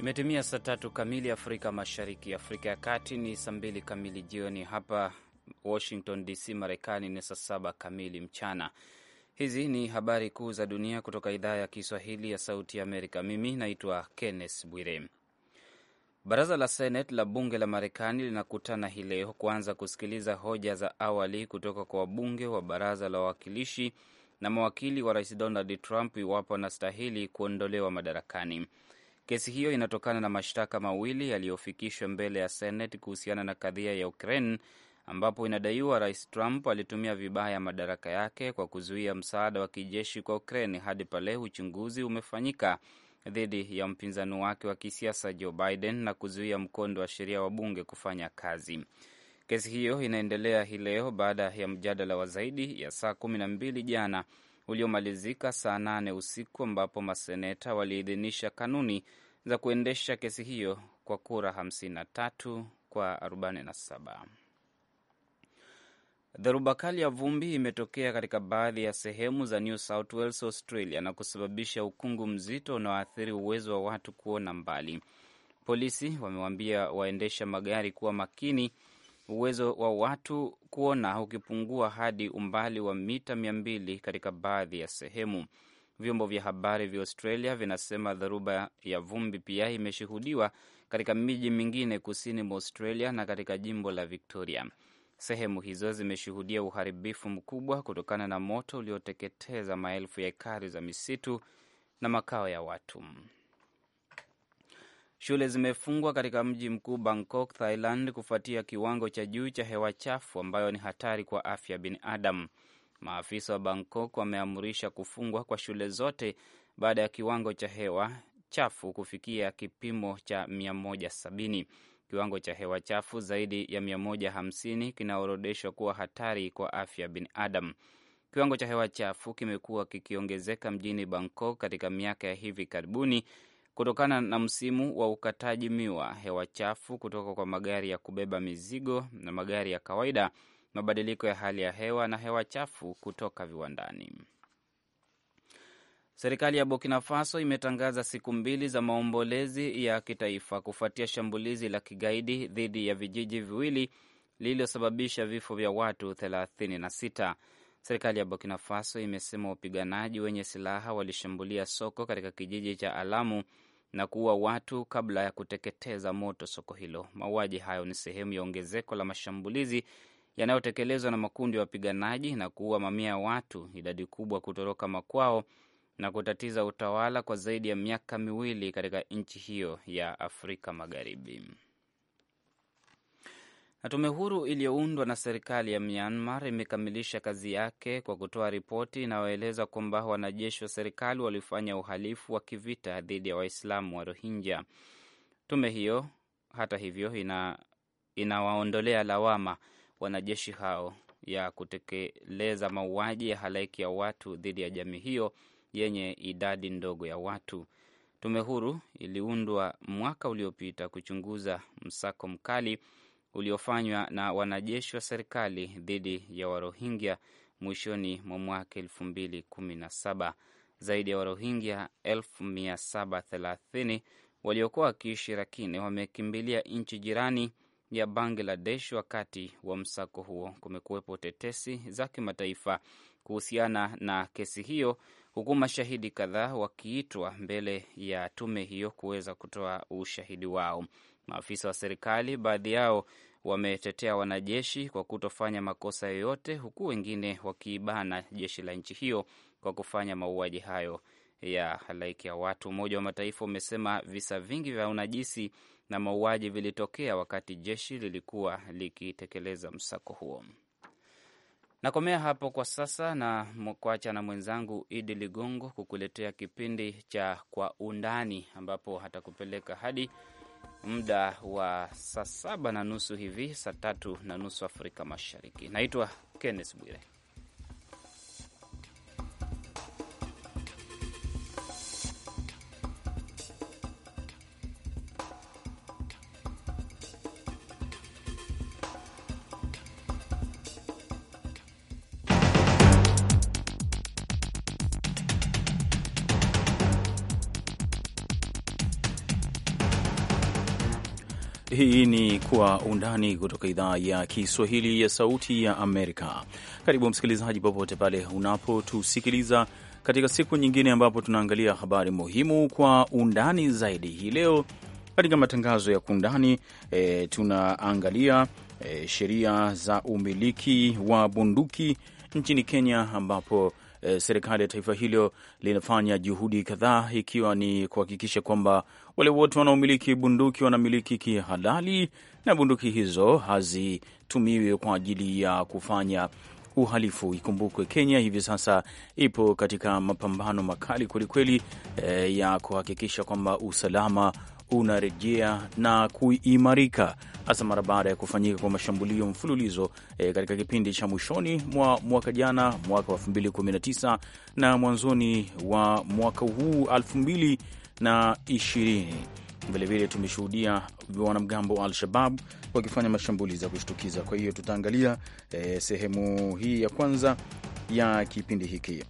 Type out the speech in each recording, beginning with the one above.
Imetimia saa tatu kamili Afrika Mashariki, Afrika ya Kati ni saa mbili kamili jioni. Hapa Washington DC, Marekani ni saa saba kamili mchana. Hizi ni habari kuu za dunia kutoka idhaa ya Kiswahili ya Sauti ya Amerika. Mimi naitwa Kenneth Bwire. Baraza la Seneti la bunge la Marekani linakutana hii leo kuanza kusikiliza hoja za awali kutoka kwa wabunge wa baraza la wawakilishi na mawakili wa rais Donald Trump iwapo anastahili kuondolewa madarakani. Kesi hiyo inatokana na mashtaka mawili yaliyofikishwa mbele ya Seneti kuhusiana na kadhia ya Ukraine ambapo inadaiwa Rais Trump alitumia vibaya madaraka yake kwa kuzuia msaada wa kijeshi kwa Ukraine hadi pale uchunguzi umefanyika dhidi ya mpinzani wake wa kisiasa Joe Biden na kuzuia mkondo wa sheria wa bunge kufanya kazi. Kesi hiyo inaendelea hii leo baada ya mjadala wa zaidi ya saa kumi na mbili jana uliomalizika saa nane usiku ambapo maseneta waliidhinisha kanuni za kuendesha kesi hiyo kwa kura 53 kwa 47. Dharuba kali ya vumbi imetokea katika baadhi ya sehemu za New South Wales, Australia, na kusababisha ukungu mzito unaoathiri uwezo wa watu kuona mbali. Polisi wamewaambia waendesha magari kuwa makini uwezo wa watu kuona ukipungua hadi umbali wa mita mia mbili katika baadhi ya sehemu. Vyombo vya habari vya Australia vinasema dharuba ya vumbi pia imeshuhudiwa katika miji mingine kusini mwa Australia na katika jimbo la Victoria. Sehemu hizo zimeshuhudia uharibifu mkubwa kutokana na moto ulioteketeza maelfu ya ekari za misitu na makao ya watu. Shule zimefungwa katika mji mkuu Bangkok, Thailand, kufuatia kiwango cha juu cha hewa chafu ambayo ni hatari kwa afya binadam binadamu. Maafisa wa Bangkok wameamurisha kufungwa kwa shule zote baada ya kiwango cha hewa chafu kufikia kipimo cha 170. Kiwango cha hewa chafu zaidi ya 150 kinaorodeshwa kuwa hatari kwa afya binadam binadamu. Kiwango cha hewa chafu kimekuwa kikiongezeka mjini Bangkok katika miaka ya hivi karibuni kutokana na msimu wa ukataji miwa, hewa chafu kutoka kwa magari ya kubeba mizigo na magari ya kawaida, mabadiliko ya hali ya hewa na hewa chafu kutoka viwandani. Serikali ya Burkina Faso imetangaza siku mbili za maombolezi ya kitaifa kufuatia shambulizi la kigaidi dhidi ya vijiji viwili lililosababisha vifo vya watu 36. Serikali ya Burkina Faso imesema wapiganaji wenye silaha walishambulia soko katika kijiji cha Alamu na kuua watu kabla ya kuteketeza moto soko hilo. Mauaji hayo ni sehemu ya ongezeko la mashambulizi yanayotekelezwa na makundi ya wapiganaji na kuua mamia ya watu, idadi kubwa kutoroka makwao na kutatiza utawala kwa zaidi ya miaka miwili katika nchi hiyo ya Afrika Magharibi. Na tume huru iliyoundwa na serikali ya Myanmar imekamilisha kazi yake kwa kutoa ripoti inayoeleza kwamba wanajeshi wa serikali walifanya uhalifu wa kivita dhidi ya Waislamu wa Rohingya. Tume hiyo hata hivyo, ina inawaondolea lawama wanajeshi hao ya kutekeleza mauaji ya halaiki ya watu dhidi ya jamii hiyo yenye idadi ndogo ya watu. Tume huru iliundwa mwaka uliopita kuchunguza msako mkali uliofanywa na wanajeshi wa serikali dhidi ya Warohingya mwishoni mwa mwaka elfu mbili kumi na saba. Zaidi ya Warohingya elfu mia saba thelathini waliokuwa wakiishi Rakhine wamekimbilia nchi jirani ya Bangladesh. Wakati wa msako huo, kumekuwepo tetesi za kimataifa kuhusiana na kesi hiyo, huku mashahidi kadhaa wakiitwa mbele ya tume hiyo kuweza kutoa ushahidi wao. Maafisa wa serikali, baadhi yao wametetea wanajeshi kwa kutofanya makosa yoyote, huku wengine wakiibana jeshi la nchi hiyo kwa kufanya mauaji hayo ya halaiki ya watu. Umoja wa Mataifa umesema visa vingi vya unajisi na mauaji vilitokea wakati jeshi lilikuwa likitekeleza msako huo. Nakomea hapo kwa sasa na kuacha na mwenzangu Idi Ligongo kukuletea kipindi cha Kwa Undani, ambapo hatakupeleka hadi muda wa saa saba na nusu hivi, saa tatu na nusu Afrika Mashariki. Naitwa Kenneth Bwire. Kwa Undani kutoka idhaa ya Kiswahili ya Sauti ya Amerika. Karibu msikilizaji, popote pale unapotusikiliza katika siku nyingine ambapo tunaangalia habari muhimu kwa undani zaidi. Hii leo katika matangazo ya Kwa Undani e, tunaangalia e, sheria za umiliki wa bunduki nchini Kenya ambapo E, serikali ya taifa hilo linafanya juhudi kadhaa ikiwa ni kuhakikisha kwamba wale wote wanaomiliki bunduki wanamiliki kihalali na bunduki hizo hazitumiwe kwa ajili ya kufanya uhalifu. Ikumbukwe Kenya hivi sasa ipo katika mapambano makali kwelikweli e, ya kuhakikisha kwamba usalama unarejea na kuimarika hasa mara baada ya kufanyika kwa mashambulio mfululizo e, katika kipindi cha mwishoni mwa mwaka jana mwaka wa 2019 na mwanzoni wa mwaka huu 2020. Vilevile tumeshuhudia wanamgambo wa Al-Shabab wakifanya mashambulizi ya kushtukiza. Kwa hiyo tutaangalia e, sehemu hii ya kwanza ya kipindi hiki.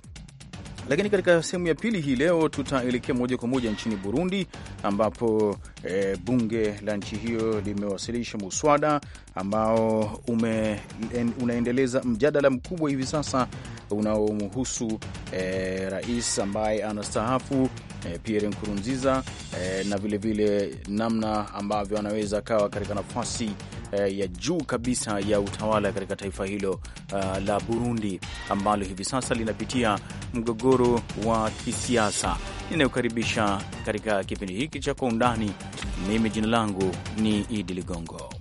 Lakini katika sehemu ya pili hii leo tutaelekea moja kwa moja nchini Burundi, ambapo e, bunge la nchi hiyo limewasilisha muswada ambao ume, en, unaendeleza mjadala mkubwa hivi sasa unaomhusu e, rais ambaye anastaafu eh, Pierre Nkurunziza eh, na vilevile vile namna ambavyo anaweza akawa katika nafasi eh, ya juu kabisa ya utawala katika taifa hilo uh, la Burundi ambalo hivi sasa linapitia mgogoro wa kisiasa. Ninayokaribisha katika kipindi hiki cha Kwa Undani, mimi jina langu ni Idi Ligongo.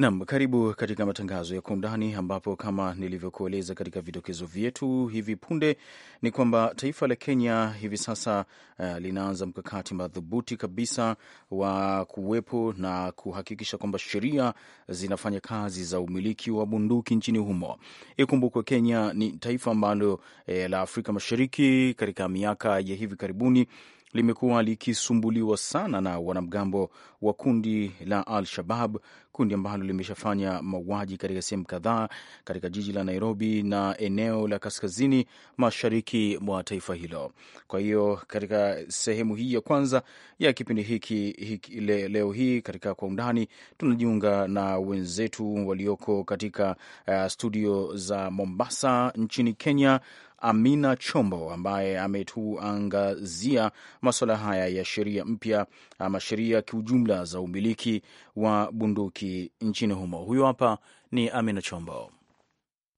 Nam, karibu katika matangazo ya Kwa Undani, ambapo kama nilivyokueleza katika vidokezo vyetu hivi punde ni kwamba taifa la Kenya hivi sasa uh, linaanza mkakati madhubuti kabisa wa kuwepo na kuhakikisha kwamba sheria zinafanya kazi za umiliki wa bunduki nchini humo. Ikumbukwe Kenya ni taifa ambalo eh, la Afrika Mashariki katika miaka ya hivi karibuni limekuwa likisumbuliwa sana na wanamgambo wa kundi la Al-Shabab, kundi ambalo limeshafanya mauaji katika sehemu kadhaa katika jiji la Nairobi na eneo la kaskazini mashariki mwa taifa hilo. Kwa hiyo katika sehemu hii ya kwanza ya kipindi hiki, hiki le, leo hii katika kwa undani tunajiunga na wenzetu walioko katika uh, studio za Mombasa nchini Kenya Amina Chombo ambaye ametuangazia masuala haya ya sheria mpya ama sheria kiujumla za umiliki wa bunduki nchini humo. Huyo hapa ni Amina Chombo.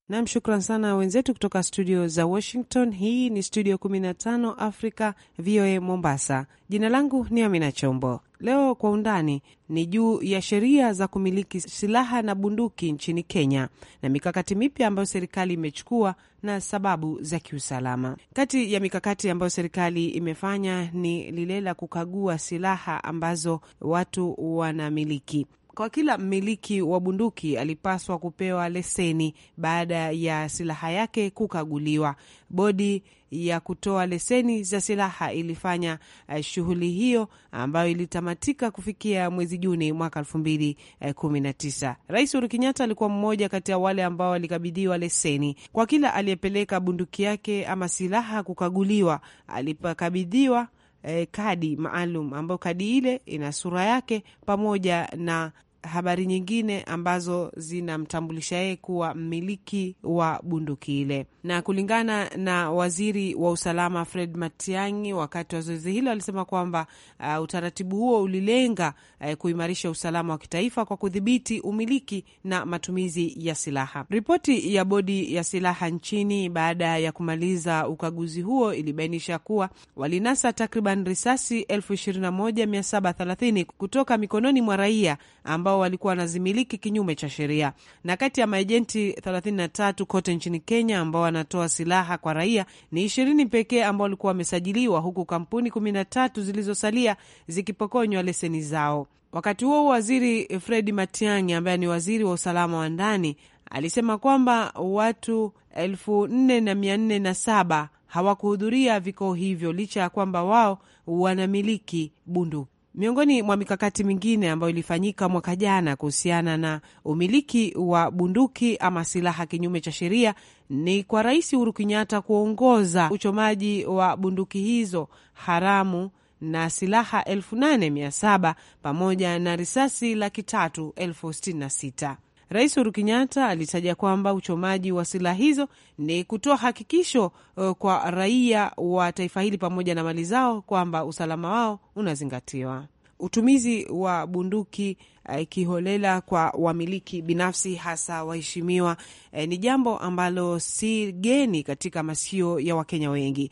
Nam, shukran sana wenzetu kutoka studio za Washington. Hii ni studio 15 Africa, VOA Mombasa. Jina langu ni Amina Chombo. Leo kwa undani ni juu ya sheria za kumiliki silaha na bunduki nchini Kenya na mikakati mipya ambayo serikali imechukua na sababu za kiusalama. Kati ya mikakati ambayo serikali imefanya ni lile la kukagua silaha ambazo watu wanamiliki kwa kila mmiliki wa bunduki alipaswa kupewa leseni baada ya silaha yake kukaguliwa. Bodi ya kutoa leseni za silaha ilifanya eh, shughuli hiyo ambayo ilitamatika kufikia mwezi Juni mwaka elfu mbili eh, kumi na tisa. Rais Uhuru Kenyatta alikuwa mmoja kati ya wale ambao walikabidhiwa leseni. Kwa kila aliyepeleka bunduki yake ama silaha kukaguliwa, alipokabidhiwa eh, kadi maalum ambayo kadi ile ina sura yake pamoja na habari nyingine ambazo zinamtambulisha yeye kuwa mmiliki wa bunduki ile. Na kulingana na waziri wa usalama Fred Matiang'i, wakati wa zoezi hilo alisema kwamba uh, utaratibu huo ulilenga uh, kuimarisha usalama wa kitaifa kwa kudhibiti umiliki na matumizi ya silaha. Ripoti ya bodi ya silaha nchini baada ya kumaliza ukaguzi huo ilibainisha kuwa walinasa takriban risasi 21730 kutoka mikononi mwa raia ambao ambao walikuwa wanazimiliki kinyume cha sheria, na kati ya maejenti 33 kote nchini Kenya ambao wanatoa silaha kwa raia ni ishirini pekee ambao walikuwa wamesajiliwa, huku kampuni 13 zilizosalia zikipokonywa leseni zao. Wakati huo waziri Fredi Matiang'i ambaye ni waziri wa usalama wa ndani alisema kwamba watu elfu nne na mia nne na saba hawakuhudhuria vikao hivyo licha ya kwamba wao wanamiliki bunduki. Miongoni mwa mikakati mingine ambayo ilifanyika mwaka jana kuhusiana na umiliki wa bunduki ama silaha kinyume cha sheria ni kwa Rais Uhuru Kenyatta kuongoza uchomaji wa bunduki hizo haramu na silaha elfu nane mia saba pamoja na risasi laki tatu elfu sitini na sita. Rais Uhuru Kenyatta alitaja kwamba uchomaji wa silaha hizo ni kutoa hakikisho uh, kwa raia wa taifa hili pamoja na mali zao kwamba usalama wao unazingatiwa. Utumizi wa bunduki uh, kiholela kwa wamiliki binafsi hasa waheshimiwa e, ni jambo ambalo si geni katika masikio ya Wakenya wengi.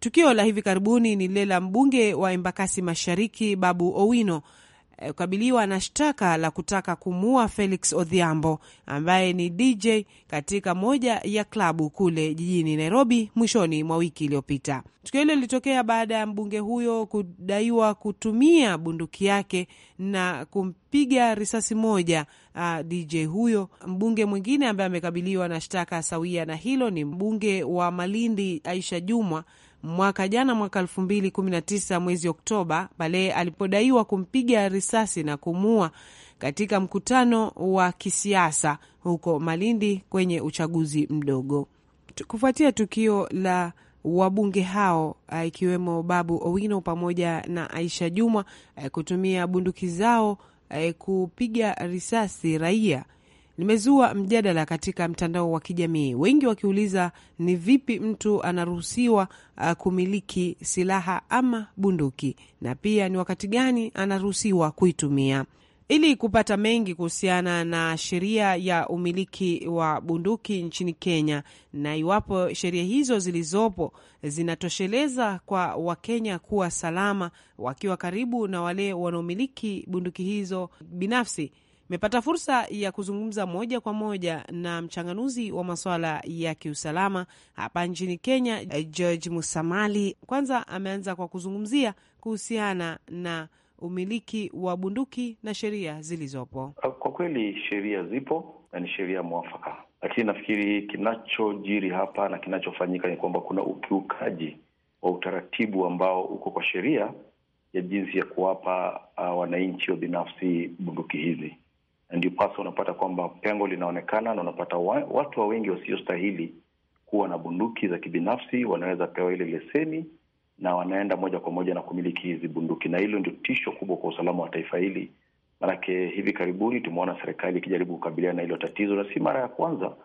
Tukio la hivi karibuni ni lile la mbunge wa Embakasi Mashariki Babu Owino Eh, kukabiliwa na shtaka la kutaka kumuua Felix Odhiambo ambaye ni DJ katika moja ya klabu kule jijini Nairobi mwishoni mwa wiki iliyopita. Tukio hilo lilitokea baada ya mbunge huyo kudaiwa kutumia bunduki yake na kumpiga risasi moja uh, ah, DJ huyo. Mbunge mwingine ambaye amekabiliwa na shtaka sawia na hilo ni mbunge wa Malindi Aisha Jumwa mwaka jana, mwaka 2019 mwezi Oktoba, pale alipodaiwa kumpiga risasi na kumua katika mkutano wa kisiasa huko Malindi kwenye uchaguzi mdogo. Kufuatia tukio la wabunge hao eh, ikiwemo Babu Owino pamoja na Aisha Jumwa eh, kutumia bunduki zao eh, kupiga risasi raia limezua mjadala katika mtandao wa kijamii, wengi wakiuliza ni vipi mtu anaruhusiwa uh, kumiliki silaha ama bunduki, na pia ni wakati gani anaruhusiwa kuitumia. Ili kupata mengi kuhusiana na sheria ya umiliki wa bunduki nchini Kenya na iwapo sheria hizo zilizopo zinatosheleza kwa Wakenya kuwa salama wakiwa karibu na wale wanaomiliki bunduki hizo binafsi, Nimepata fursa ya kuzungumza moja kwa moja na mchanganuzi wa masuala ya kiusalama hapa nchini Kenya, George Musamali. Kwanza ameanza kwa kuzungumzia kuhusiana na umiliki wa bunduki na sheria zilizopo. Kwa kweli sheria zipo na ni sheria mwafaka, lakini nafikiri kinachojiri hapa na kinachofanyika ni kwamba kuna ukiukaji wa utaratibu ambao uko kwa sheria ya jinsi ya kuwapa uh, wananchi wa binafsi bunduki hizi pasa unapata kwamba pengo linaonekana na unapata wa, watu wa wengi wasiostahili kuwa na bunduki za kibinafsi wanaweza pewa ile leseni na wanaenda moja kwa moja na kumiliki hizi bunduki, na hilo ndio tisho kubwa kwa usalama wa taifa hili. manake hivi karibuni tumeona serikali ikijaribu kukabiliana na hilo tatizo, na si mara ya kwanza.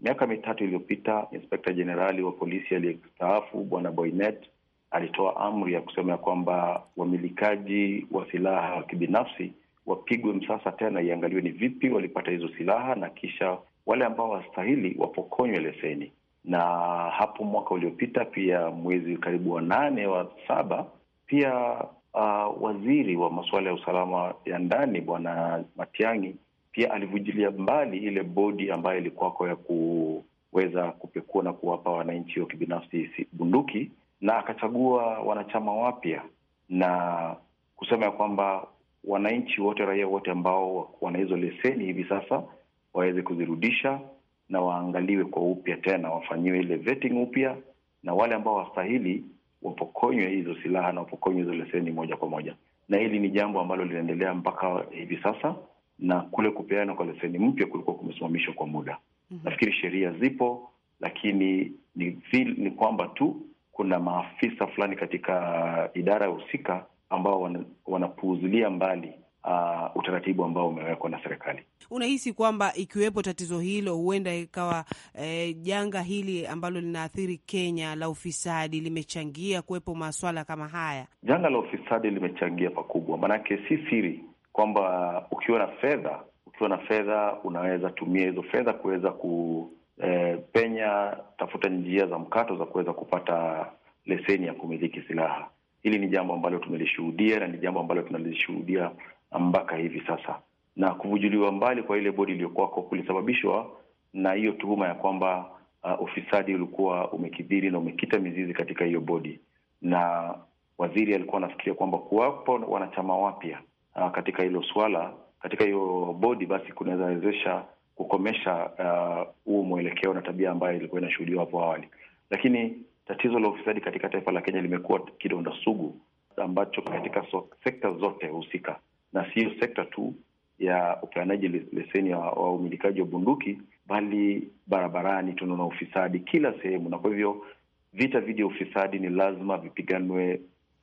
Miaka mitatu iliyopita, inspekta jenerali wa polisi aliyestaafu Bwana Boynet alitoa amri ya kusema ya kwamba wamilikaji wa silaha wa kibinafsi wapigwe msasa tena, iangaliwe ni vipi walipata hizo silaha, na kisha wale ambao wastahili wapokonywe leseni. Na hapo mwaka uliopita pia mwezi karibu wa nane wa saba pia uh, waziri wa masuala ya usalama ya ndani Bwana Matiang'i pia alivujilia mbali ile bodi ambayo ilikuwako ya kuweza kupekua na kuwapa wananchi wa kibinafsi bunduki, na akachagua wanachama wapya na kusema ya kwamba wananchi wote, raia wote ambao wana hizo leseni hivi sasa waweze kuzirudisha na waangaliwe kwa upya tena, wafanyiwe ile vetting upya, na wale ambao wastahili wapokonywe hizo silaha na wapokonywe hizo leseni moja kwa moja. Na hili ni jambo ambalo linaendelea mpaka hivi sasa, na kule kupeana kwa leseni mpya kulikuwa kumesimamishwa kwa muda. Mm -hmm. Nafikiri sheria zipo, lakini ni, ni kwamba tu kuna maafisa fulani katika idara ya husika ambao wanapuuzilia mbali uh, utaratibu ambao umewekwa na serikali. Unahisi kwamba ikiwepo tatizo hilo huenda ikawa eh, janga hili ambalo linaathiri Kenya la ufisadi limechangia kuwepo maswala kama haya? Janga la ufisadi limechangia pakubwa, maanake si siri kwamba ukiwa na fedha ukiwa na fedha unaweza tumia hizo fedha kuweza kupenya, eh, tafuta njia za mkato za kuweza kupata leseni ya kumiliki silaha Hili ni jambo ambalo tumelishuhudia na ni jambo ambalo tunalishuhudia mpaka hivi sasa, na kuvujuliwa mbali kwa ile bodi iliyokuwako kulisababishwa na hiyo tuhuma ya kwamba uh, ufisadi ulikuwa umekidhiri na umekita mizizi katika hiyo bodi, na waziri alikuwa anafikiria kwamba kuwapo wanachama wapya uh, katika hilo swala, katika hiyo bodi, basi kunawezawezesha kukomesha uh, huo uh, mwelekeo na tabia ambayo ilikuwa inashuhudiwa hapo awali, lakini Tatizo la ufisadi katika taifa la Kenya limekuwa kidonda sugu ambacho katika so, sekta zote husika, na siyo sekta tu ya upeanaji leseni wa umilikaji wa bunduki, bali barabarani tunaona ufisadi kila sehemu, na kwa hivyo vita dhidi ya ufisadi ni lazima vipiganwe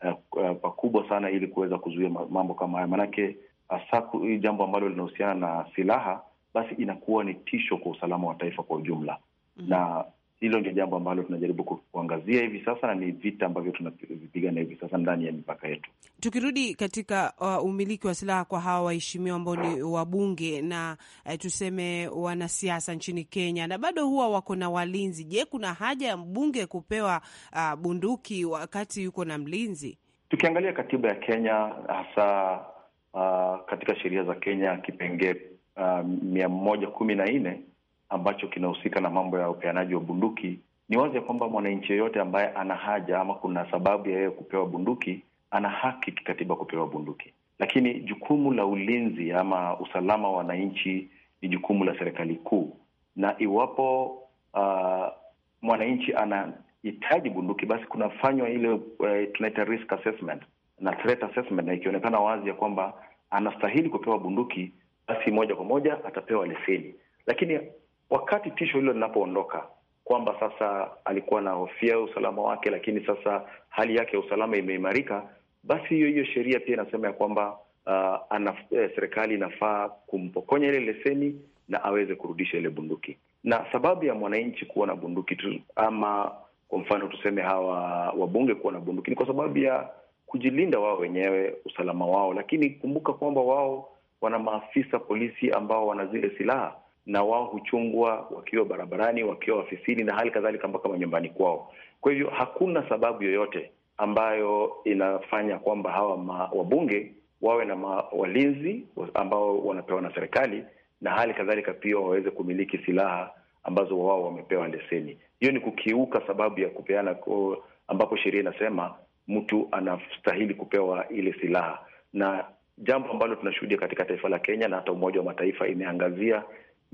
eh, eh, pakubwa uh, uh, sana ili kuweza kuzuia mambo kama haya, maanake hasa ah, hii jambo ambalo linahusiana na silaha, basi inakuwa ni tisho kwa usalama wa taifa kwa ujumla. Mm -hmm. Na hilo ndio jambo ambalo tunajaribu kuangazia hivi sasa na ni vita ambavyo tunavipigana hivi sasa ndani ya mipaka yetu. Tukirudi katika uh, umiliki wa silaha kwa hawa waheshimiwa ambao ni wabunge na uh, tuseme wanasiasa nchini Kenya, na bado huwa wako na walinzi. Je, kuna haja ya mbunge kupewa uh, bunduki wakati yuko na mlinzi? Tukiangalia katiba ya Kenya hasa uh, katika sheria za Kenya kipengee uh, mia moja kumi na nne ambacho kinahusika na mambo ya upeanaji wa bunduki, ni wazi ya kwamba mwananchi yeyote ambaye ana haja ama kuna sababu ya yeye kupewa bunduki ana haki kikatiba kupewa bunduki, lakini jukumu la ulinzi ama usalama wa wananchi ni jukumu la serikali kuu, na iwapo uh, mwananchi anahitaji bunduki, basi kunafanywa ile uh, tunaita risk assessment na threat assessment, na ikionekana wazi ya kwamba anastahili kupewa bunduki, basi moja kwa moja atapewa leseni. Lakini wakati tisho hilo linapoondoka, kwamba sasa alikuwa anahofia usalama wake, lakini sasa hali yake ya usalama imeimarika, basi hiyo hiyo sheria pia inasema ya kwamba uh, anaf, eh, serikali inafaa kumpokonya ile leseni na aweze kurudisha ile bunduki. Na sababu ya mwananchi kuwa na bunduki tu ama kwa mfano tuseme hawa wabunge kuwa na bunduki ni kwa sababu ya kujilinda wao wenyewe, usalama wao, lakini kumbuka kwamba wao wana maafisa polisi ambao wana zile silaha na wao huchungwa wakiwa barabarani, wakiwa ofisini na hali kadhalika mpaka manyumbani kwao. Kwa hivyo hakuna sababu yoyote ambayo inafanya kwamba hawa ma, wabunge wawe na ma, walinzi ambao wanapewa na serikali na hali kadhalika pia waweze kumiliki silaha ambazo wao wamepewa leseni. Hiyo ni kukiuka sababu ya kupeana, ambapo sheria inasema mtu anastahili kupewa ile silaha, na jambo ambalo tunashuhudia katika taifa la Kenya na hata Umoja wa Mataifa imeangazia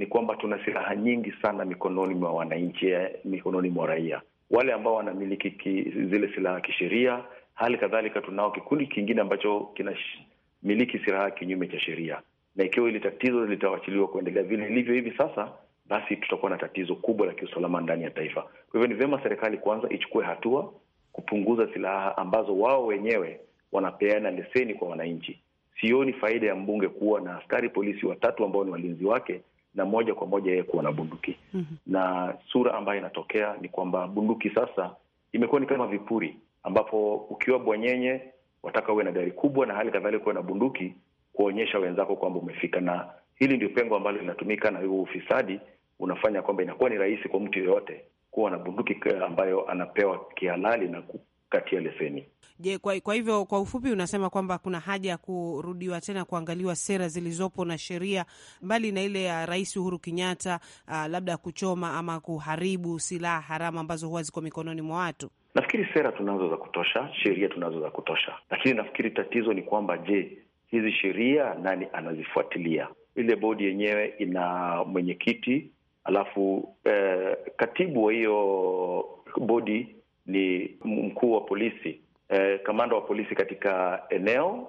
ni kwamba tuna silaha nyingi sana mikononi mwa wananchi, eh, mikononi mwa raia wale ambao wanamiliki zile silaha kisheria. Hali kadhalika tunao kikundi kingine ambacho kinamiliki silaha kinyume cha sheria, na ikiwa ili tatizo litawachiliwa kuendelea vile ilivyo hivi sasa, basi tutakuwa na tatizo kubwa la kiusalama ndani ya taifa. Kwa hivyo ni vyema serikali kwanza ichukue hatua kupunguza silaha ambazo wao wenyewe wanapeana leseni kwa wananchi. Sioni faida ya mbunge kuwa na askari polisi watatu ambao ni walinzi wake na moja kwa moja yeye kuwa na bunduki mm -hmm. na sura ambayo inatokea ni kwamba bunduki sasa imekuwa ni kama vipuri, ambapo ukiwa bwanyenye wataka uwe na gari kubwa na hali kadhalika uwe na bunduki kuonyesha wenzako kwamba umefika, na hili ndio pengo ambalo linatumika, na huo ufisadi unafanya kwamba inakuwa ni rahisi kwa mtu yoyote kuwa na bunduki eh, ambayo anapewa kihalali na kati ya leseni. Je, kwa, kwa hivyo kwa ufupi unasema kwamba kuna haja ya kurudiwa tena kuangaliwa sera zilizopo na sheria, mbali na ile ya Rais Uhuru Kenyatta, uh, labda kuchoma ama kuharibu silaha haramu ambazo huwa ziko mikononi mwa watu. Nafikiri sera tunazo za kutosha, sheria tunazo za kutosha, lakini nafikiri tatizo ni kwamba, je, hizi sheria nani anazifuatilia? Ile bodi yenyewe ina mwenyekiti, alafu eh, katibu wa hiyo bodi ni mkuu wa polisi eh, kamanda wa polisi katika eneo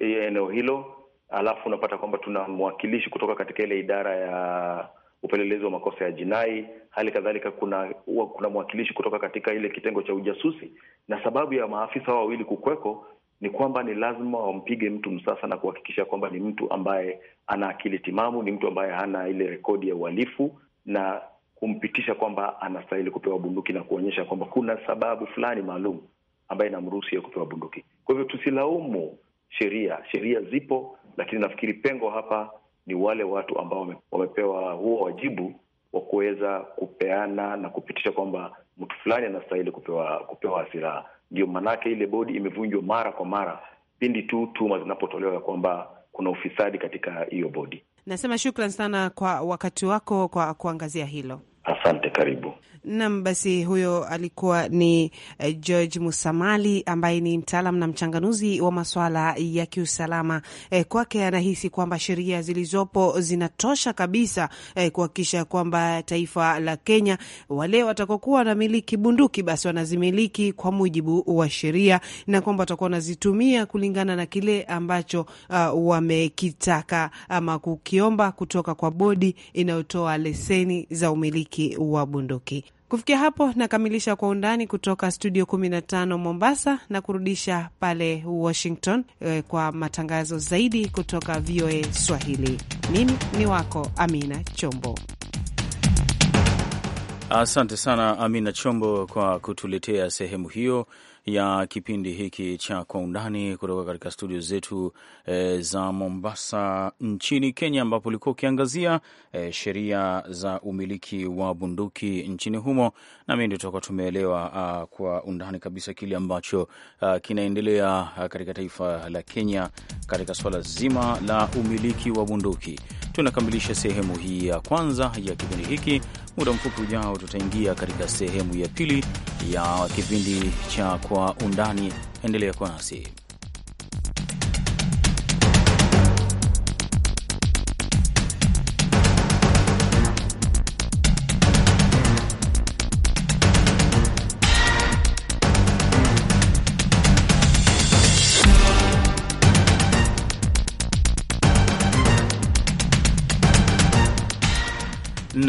eh, eneo hilo, alafu unapata kwamba tuna mwakilishi kutoka katika ile idara ya upelelezi wa makosa ya jinai. Hali kadhalika kuna kuna mwakilishi kutoka katika ile kitengo cha ujasusi, na sababu ya maafisa hao wawili kukweko ni kwamba ni lazima wampige mtu msasa na kuhakikisha kwamba ni mtu ambaye ana akili timamu, ni mtu ambaye hana ile rekodi ya uhalifu na kumpitisha kwamba anastahili kupewa bunduki na kuonyesha kwamba kuna sababu fulani maalum ambaye inamruhusu ya kupewa bunduki. Kwa hivyo tusilaumu sheria, sheria zipo, lakini nafikiri pengo hapa ni wale watu ambao wamepewa huo wajibu wa kuweza kupeana na kupitisha kwamba mtu fulani anastahili kupewa kupewa silaha. Ndio maanake ile bodi imevunjwa mara kwa mara pindi tu tuma zinapotolewa ya kwamba kuna ufisadi katika hiyo bodi. Nasema shukran sana kwa wakati wako kwa kuangazia hilo. Asante, karibu. nam basi huyo alikuwa ni eh, George Musamali ambaye ni mtaalam na mchanganuzi wa masuala ya kiusalama. E, kwake anahisi kwamba sheria zilizopo zinatosha kabisa e, kuhakikisha kwamba taifa la Kenya, wale watakokuwa wanamiliki bunduki basi wanazimiliki kwa mujibu wa sheria na kwamba watakuwa wanazitumia kulingana na kile ambacho uh, wamekitaka ama kukiomba kutoka kwa bodi inayotoa leseni za umiliki umiliki wa bunduki. Kufikia hapo nakamilisha kwa undani kutoka studio 15 Mombasa na kurudisha pale Washington eh, kwa matangazo zaidi kutoka VOA Swahili. Mimi ni wako Amina Chombo. Asante sana Amina Chombo kwa kutuletea sehemu hiyo ya kipindi hiki cha Kwa Undani kutoka katika studio zetu e, za Mombasa nchini Kenya, ambapo ulikuwa ukiangazia e, sheria za umiliki wa bunduki nchini humo, na mimi ndio tutakuwa tumeelewa ah, kwa undani kabisa kile ambacho ah, kinaendelea ah, katika taifa la Kenya katika swala zima la umiliki wa bunduki. Tunakamilisha sehemu hii ya kwanza ya kipindi hiki. Muda mfupi ujao, tutaingia katika sehemu ya pili ya kipindi cha Kwa Undani. Endelea kuwa nasi.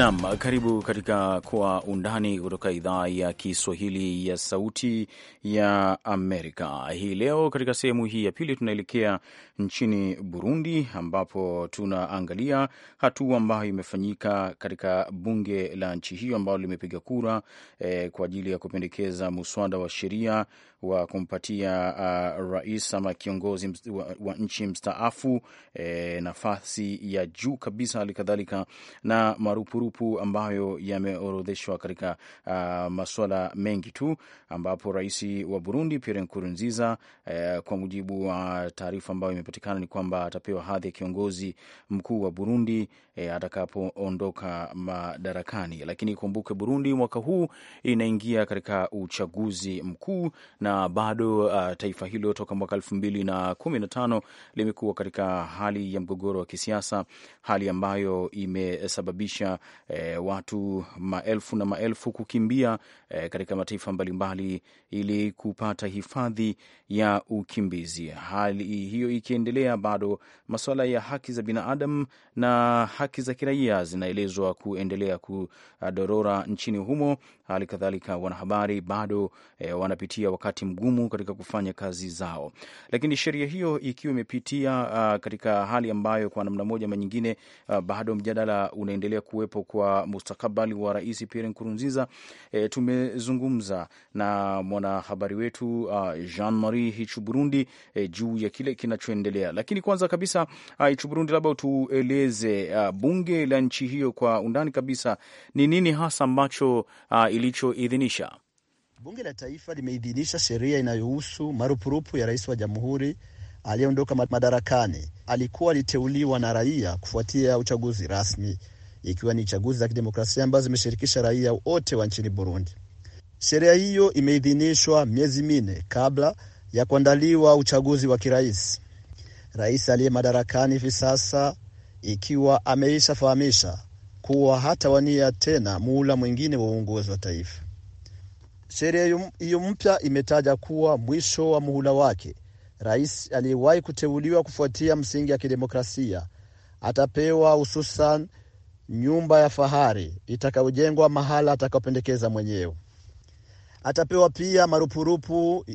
Nam, karibu katika Kwa Undani kutoka idhaa ya Kiswahili ya Sauti ya Amerika. Hii leo katika sehemu hii ya pili tunaelekea nchini Burundi, ambapo tunaangalia hatua ambayo imefanyika katika bunge la nchi hiyo ambalo limepiga kura eh, kwa ajili ya kupendekeza muswada wa sheria wa kumpatia uh, rais ama kiongozi wa, wa nchi mstaafu eh, nafasi ya juu kabisa, halikadhalika na marupurupu marupurupu ambayo yameorodheshwa katika uh, ah, masuala mengi tu, ambapo rais wa Burundi Pierre Nkurunziza uh, kwa mujibu wa uh, taarifa ambayo imepatikana ni kwamba atapewa hadhi ya kiongozi mkuu wa Burundi uh, atakapoondoka madarakani. Lakini kumbuke, Burundi mwaka huu inaingia katika uchaguzi mkuu na bado uh, taifa hilo toka mwaka elfu mbili na kumi na tano limekuwa katika hali ya mgogoro wa kisiasa, hali ambayo imesababisha e, watu maelfu na maelfu kukimbia e, katika mataifa mbalimbali ili kupata hifadhi ya ukimbizi. Hali hiyo ikiendelea, bado masuala ya haki za binadamu na haki za kiraia zinaelezwa kuendelea kudorora nchini humo. Hali kadhalika, wanahabari bado e, wanapitia wakati mgumu katika kufanya kazi zao, lakini sheria hiyo ikiwa imepitia uh, katika hali ambayo kwa namna moja ama nyingine uh, bado mjadala unaendelea kuwepo kwa mustakabali wa Rais Pierre Nkurunziza. E, tumezungumza na mwanahabari wetu uh, ah, Jean Marie Burundi, hichu eh, Burundi e, juu ya kile kinachoendelea. Lakini kwanza kabisa hichu ah, Burundi, labda tueleze a, ah, bunge la nchi hiyo kwa undani kabisa ni nini hasa ambacho ah, ilichoidhinisha. Bunge la Taifa limeidhinisha sheria inayohusu marupurupu ya rais wa jamhuri aliyeondoka madarakani. Alikuwa aliteuliwa na raia kufuatia uchaguzi rasmi, ikiwa ni chaguzi za kidemokrasia ambazo zimeshirikisha raia wote wa nchini Burundi. Sheria hiyo imeidhinishwa miezi minne kabla ya kuandaliwa uchaguzi wa kirais. Rais aliye madarakani hivi sasa ikiwa ameishafahamisha kuwa hatawania tena muhula mwingine wa uongozi wa taifa. Sheria hiyo mpya imetaja kuwa mwisho wa muhula wake, rais aliyewahi kuteuliwa kufuatia msingi ya kidemokrasia atapewa hususan nyumba ya fahari itakayojengwa mahala atakapendekeza mwenyewe. Atapewa pia marupurupu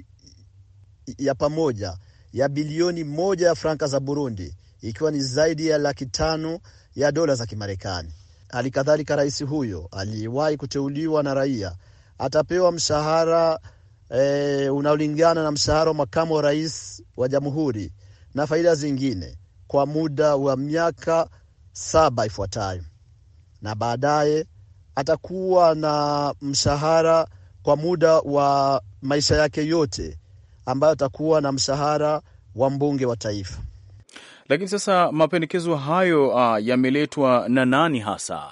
ya pamoja ya bilioni moja ya franka za Burundi, ikiwa ni zaidi ya laki tano ya dola za Kimarekani. Hali kadhalika, rais huyo aliyewahi kuteuliwa na raia atapewa mshahara e, unaolingana na mshahara wa makamu wa rais wa jamhuri na faida zingine kwa muda wa miaka saba ifuatayo, na baadaye atakuwa na mshahara kwa muda wa maisha yake yote ambayo atakuwa na mshahara wa mbunge wa taifa. Lakini sasa mapendekezo hayo uh, yameletwa na nani hasa?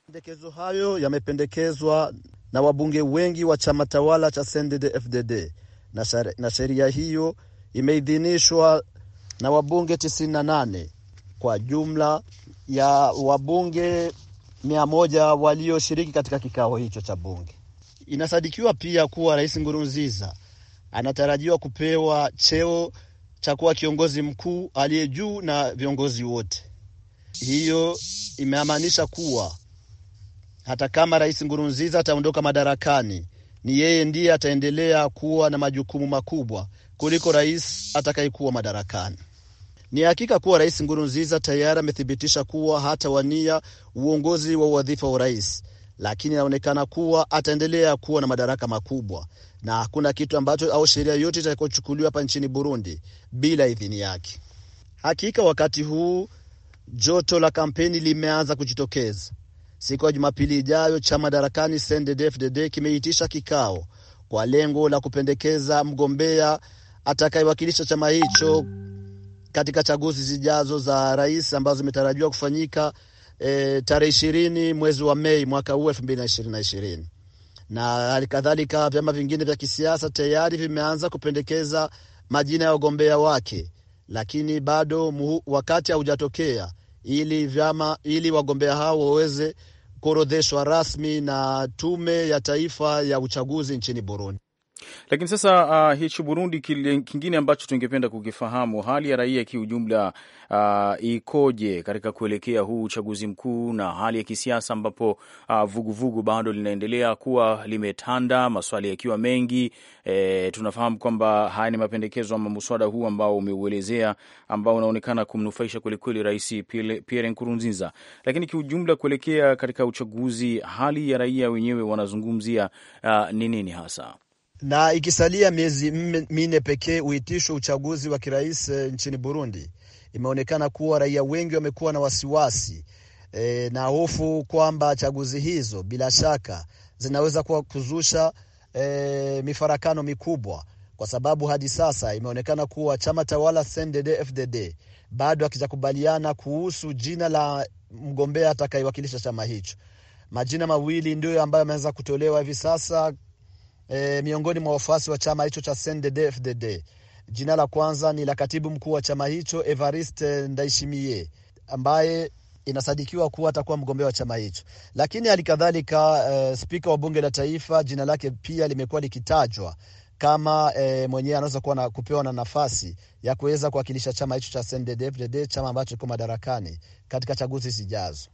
Mapendekezo hayo yamependekezwa na wabunge wengi wa chama tawala cha CNDD-FDD na sheria hiyo imeidhinishwa na wabunge 98 kwa jumla ya wabunge moja walioshiriki katika kikao hicho cha bunge. Inasadikiwa pia kuwa Rais Ngurunziza anatarajiwa kupewa cheo cha kuwa kiongozi mkuu aliye juu na viongozi wote. Hiyo imemaanisha kuwa hata kama Rais Ngurunziza ataondoka madarakani, ni yeye ndiye ataendelea kuwa na majukumu makubwa kuliko rais atakayekuwa madarakani. Ni hakika kuwa Rais Ngurunziza tayari amethibitisha kuwa hata wania uongozi wa wadhifa wa urais lakini inaonekana kuwa ataendelea kuwa na madaraka makubwa na hakuna kitu ambacho au sheria yote itakayochukuliwa hapa nchini Burundi bila idhini yake. Hakika wakati huu joto la kampeni limeanza kujitokeza. Siku ya Jumapili ijayo cha madarakani CNDD-FDD kimeitisha kikao kwa lengo la kupendekeza mgombea atakayewakilisha chama hicho katika chaguzi zijazo za rais ambazo zimetarajiwa kufanyika e, tarehe ishirini mwezi wa Mei mwaka huu elfu mbili na ishirini na ishirini na halikadhalika vyama vingine vya kisiasa tayari vimeanza kupendekeza majina ya wagombea wake, lakini bado muhu, wakati haujatokea ili vyama ili wagombea hao waweze kuorodheshwa rasmi na Tume ya Taifa ya Uchaguzi nchini Burundi. Lakini sasa uh, hichi Burundi kile kingine ambacho tungependa kukifahamu, hali ya raia kiujumla uh, ikoje katika kuelekea huu uchaguzi mkuu na hali ya kisiasa ambapo ah, vuguvugu uh, vugu bado linaendelea kuwa limetanda, maswali yakiwa mengi. E, tunafahamu kwamba haya ni mapendekezo ama muswada huu ambao umeuelezea ambao unaonekana kumnufaisha kwelikweli Rais Pierre Nkurunziza, lakini kiujumla kuelekea katika uchaguzi, hali ya raia wenyewe wanazungumzia uh, ni nini hasa? na ikisalia miezi minne pekee uitishwe uchaguzi wa kirais eh, nchini Burundi, imeonekana kuwa raia wengi wamekuwa na wasiwasi e, na hofu kwamba chaguzi hizo bila shaka zinaweza kuwa kuzusha e, mifarakano mikubwa, kwa sababu hadi sasa imeonekana kuwa chama tawala CNDD-FDD bado hakijakubaliana kuhusu jina la mgombea atakayewakilisha chama hicho. Majina mawili ndiyo ambayo ameweza kutolewa hivi sasa e, miongoni mwa wafuasi wa chama hicho cha CNDD-FDD. Jina la kwanza ni la katibu mkuu wa chama hicho Evariste Ndayishimiye ambaye inasadikiwa kuwa atakuwa mgombea wa chama hicho, lakini hali kadhalika uh, spika wa bunge la taifa jina lake pia limekuwa likitajwa kama eh, mwenyewe anaweza kuwa na kupewa na nafasi ya kuweza kuwakilisha chama hicho cha CNDD-FDD, chama ambacho kiko madarakani katika chaguzi zijazo.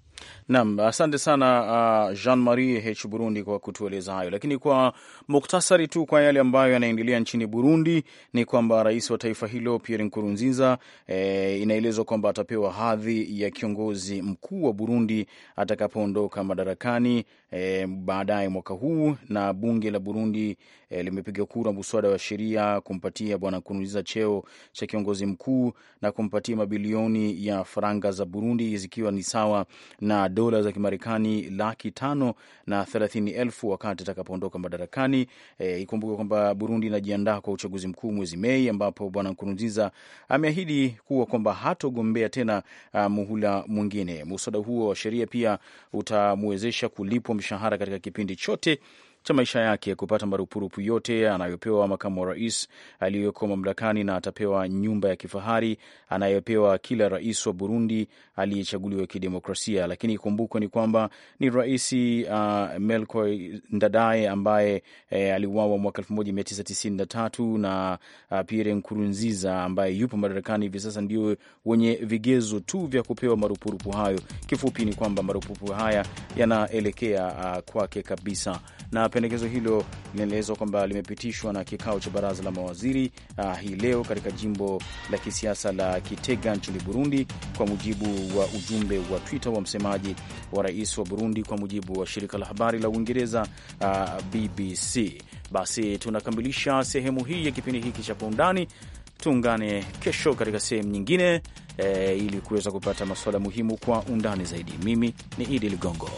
Naam, asante sana uh, Jean Marie H Burundi kwa kutueleza hayo. Lakini kwa muktasari tu kwa yale ambayo yanaendelea nchini Burundi ni kwamba rais wa taifa hilo Pierre Nkurunziza, eh, inaelezwa kwamba atapewa hadhi ya kiongozi mkuu wa Burundi atakapoondoka madarakani e, baadaye mwaka huu, na bunge la Burundi e, limepiga kura mswada wa sheria kumpatia Bwana Nkurunziza cheo cha kiongozi mkuu na kumpatia mabilioni ya faranga za Burundi zikiwa ni sawa na dola za Kimarekani laki tano na thelathini elfu wakati atakapoondoka madarakani. E, ikumbuke kwamba Burundi inajiandaa kwa uchaguzi mkuu mwezi Mei ambapo Bwana Nkurunziza ameahidi kuwa kwamba hatogombea tena uh, muhula mwingine. Muswada huo wa sheria pia utamwezesha kulipwa mshahara katika kipindi chote cha maisha yake kupata marupurupu yote anayopewa makamu wa rais aliyoko mamlakani, na atapewa nyumba ya kifahari anayopewa kila rais wa Burundi aliyechaguliwa kidemokrasia. Lakini ikumbukwe ni kwamba ni rais uh, Melko Ndadaye ambaye eh, aliuawa mwaka 1993 na uh, Pierre Nkurunziza ambaye yupo madarakani hivi sasa ndio wenye vigezo tu vya kupewa marupurupu hayo. Kifupi ni kwamba marupurupu haya yanaelekea uh, kwake kabisa na Pendekezo hilo linaelezwa kwamba limepitishwa na kikao cha baraza la mawaziri uh, hii leo katika jimbo la kisiasa la Kitega nchini Burundi, kwa mujibu wa ujumbe wa Twitter wa msemaji wa rais wa Burundi, kwa mujibu wa shirika la habari la Uingereza uh, ah, BBC. Basi tunakamilisha sehemu hii ya kipindi hiki cha Kwa Undani. Tuungane kesho katika sehemu nyingine, e, ili kuweza kupata masuala muhimu kwa undani zaidi. Mimi ni Idi Ligongo.